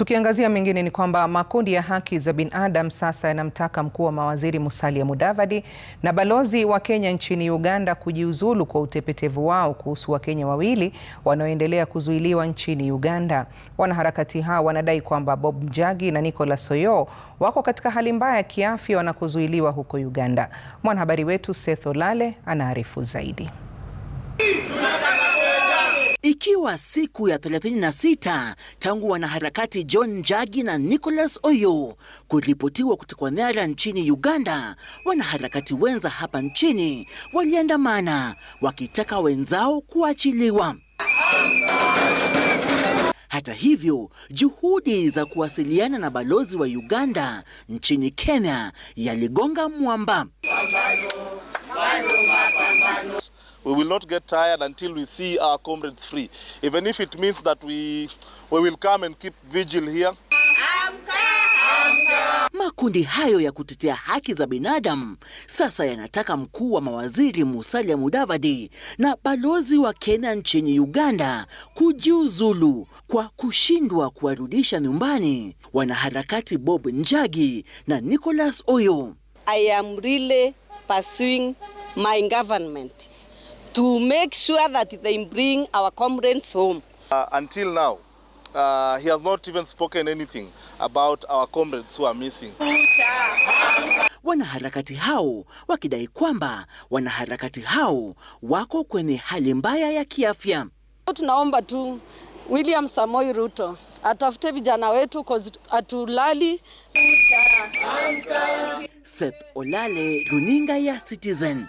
Tukiangazia mengine ni kwamba makundi ya haki za binadamu sasa yanamtaka mkuu wa mawaziri Musalia Mudavadi na balozi wa Kenya nchini Uganda kujiuzulu kwa utepetevu wao kuhusu Wakenya wawili wanaoendelea kuzuiliwa nchini Uganda. Wanaharakati hao wanadai kwamba Bob Njagi na Nicholas Soyo wako katika hali mbaya ya kiafya wanakozuiliwa huko Uganda. Mwanahabari wetu Seth Olale anaarifu zaidi. Ikiwa siku ya 36 tangu wanaharakati John Njagi na Nicholas Oyo kuripotiwa kutekwa nyara nchini Uganda, wanaharakati wenza hapa nchini waliandamana wakitaka wenzao kuachiliwa. Hata hivyo, juhudi za kuwasiliana na balozi wa Uganda nchini Kenya yaligonga mwamba. We will not get tired until we see our comrades free, even if it means that we, we will come and keep vigil here. Makundi hayo ya kutetea haki za binadamu sasa yanataka mkuu wa mawaziri Musalia Mudavadi na balozi wa Kenya nchini Uganda kujiuzulu kwa kushindwa kuwarudisha nyumbani wanaharakati Bob Njagi na Nicholas Oyo. I am really pursuing my government to make sure that they bring our comrades home. Uh, until now, uh, he has not even spoken anything about our comrades who are missing. Wanaharakati hao wakidai kwamba wanaharakati hao wako kwenye hali mbaya ya kiafya. Tunaomba tu William Samoi Ruto atafute vijana wetu atulali. Seth Olale, runinga ya Citizen.